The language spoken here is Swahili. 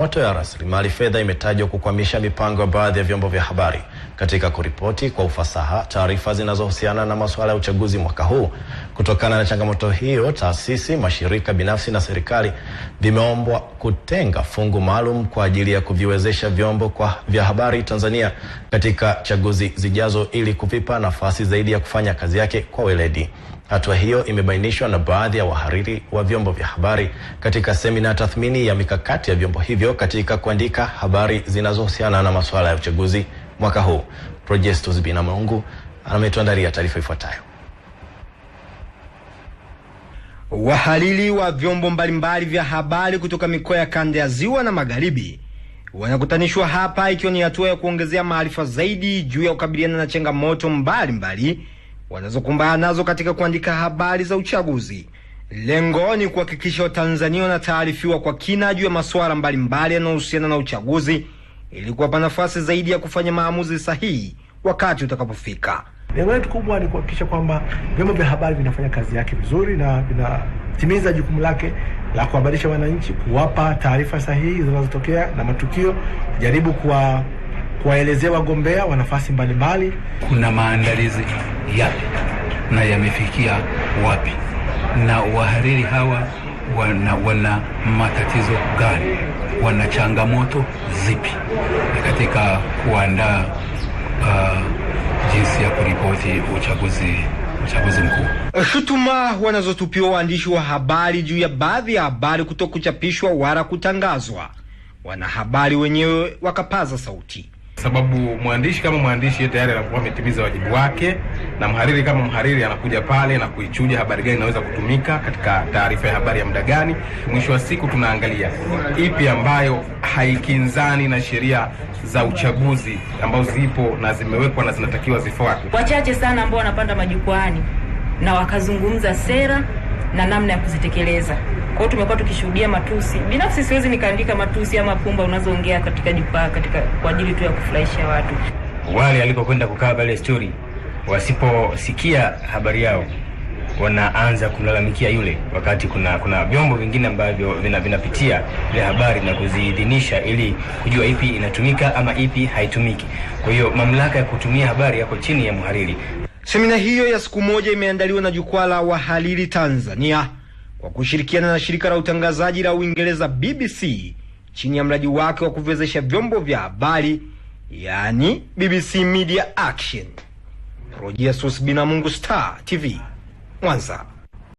Moto ya rasilimali fedha imetajwa kukwamisha mipango ya baadhi ya vyombo vya habari katika kuripoti kwa ufasaha taarifa zinazohusiana na masuala ya uchaguzi mwaka huu. Kutokana na changamoto hiyo, taasisi, mashirika binafsi na serikali vimeombwa kutenga fungu maalum kwa ajili ya kuviwezesha vyombo kwa vya habari Tanzania katika chaguzi zijazo ili kuvipa nafasi zaidi ya kufanya kazi yake kwa weledi. Hatua hiyo imebainishwa na baadhi ya wahariri wa vyombo vya habari katika semina tathmini ya mikakati ya vyombo hivyo hivyo katika kuandika habari zinazohusiana na masuala ya uchaguzi mwaka huu. Projestus Binamungu ametuandalia taarifa ifuatayo. Wahalili wa vyombo mbalimbali vya habari kutoka mikoa ya kanda ya Ziwa na Magharibi wanakutanishwa hapa ikiwa ni hatua ya kuongezea maarifa zaidi juu ya kukabiliana na changamoto mbalimbali wanazokumbana nazo katika kuandika habari za uchaguzi. Lengo ni kuhakikisha Watanzania wanataarifiwa kwa kina juu ya masuala mbalimbali yanayohusiana na uchaguzi ili kuwapa nafasi zaidi ya kufanya maamuzi sahihi wakati utakapofika. Lengo letu kubwa ni kuhakikisha kwamba vyombo vya habari vinafanya kazi yake vizuri na vinatimiza jukumu lake la kuhabarisha wananchi, kuwapa taarifa sahihi zinazotokea na matukio, jaribu kuwa kuwaelezea wagombea wa nafasi mbalimbali kuna maandalizi yapi na yamefikia wapi na wahariri hawa wana, wana matatizo gani, wana changamoto zipi katika kuandaa uh, jinsi ya kuripoti uchaguzi uchaguzi mkuu. Shutuma wanazotupiwa waandishi wa habari juu ya baadhi ya habari kutokuchapishwa wala kutangazwa, wanahabari wenyewe wakapaza sauti sababu mwandishi kama mwandishi tayari anakuwa ametimiza wajibu wake, na mhariri kama mhariri anakuja pale na kuichuja habari gani inaweza kutumika katika taarifa ya habari ya muda gani. Mwisho wa siku tunaangalia ipi ambayo haikinzani na sheria za uchaguzi ambazo zipo na zimewekwa na zinatakiwa zifuatwe. Wachache sana ambao wanapanda majukwaani na wakazungumza sera na namna ya kuzitekeleza. Kwa hiyo tumekuwa tukishuhudia matusi. Binafsi siwezi nikaandika matusi ama pumba unazoongea katika jukwaa katika kwa ajili tu ya kufurahisha watu. Wale alipokwenda kukaa pale stori wasiposikia habari yao wanaanza kumlalamikia yule, wakati kuna kuna vyombo vingine ambavyo vinapitia ile habari na kuziidhinisha ili kujua ipi inatumika ama ipi haitumiki. Kwa hiyo mamlaka ya kutumia habari yako chini ya mhariri. Semina hiyo ya siku moja imeandaliwa na jukwaa la wahariri Tanzania kwa kushirikiana na shirika la utangazaji la Uingereza BBC chini ya mradi wake wa kuviwezesha vyombo vya habari yani BBC Media Action. Rojiasus Binamungu, Star TV, Mwanza.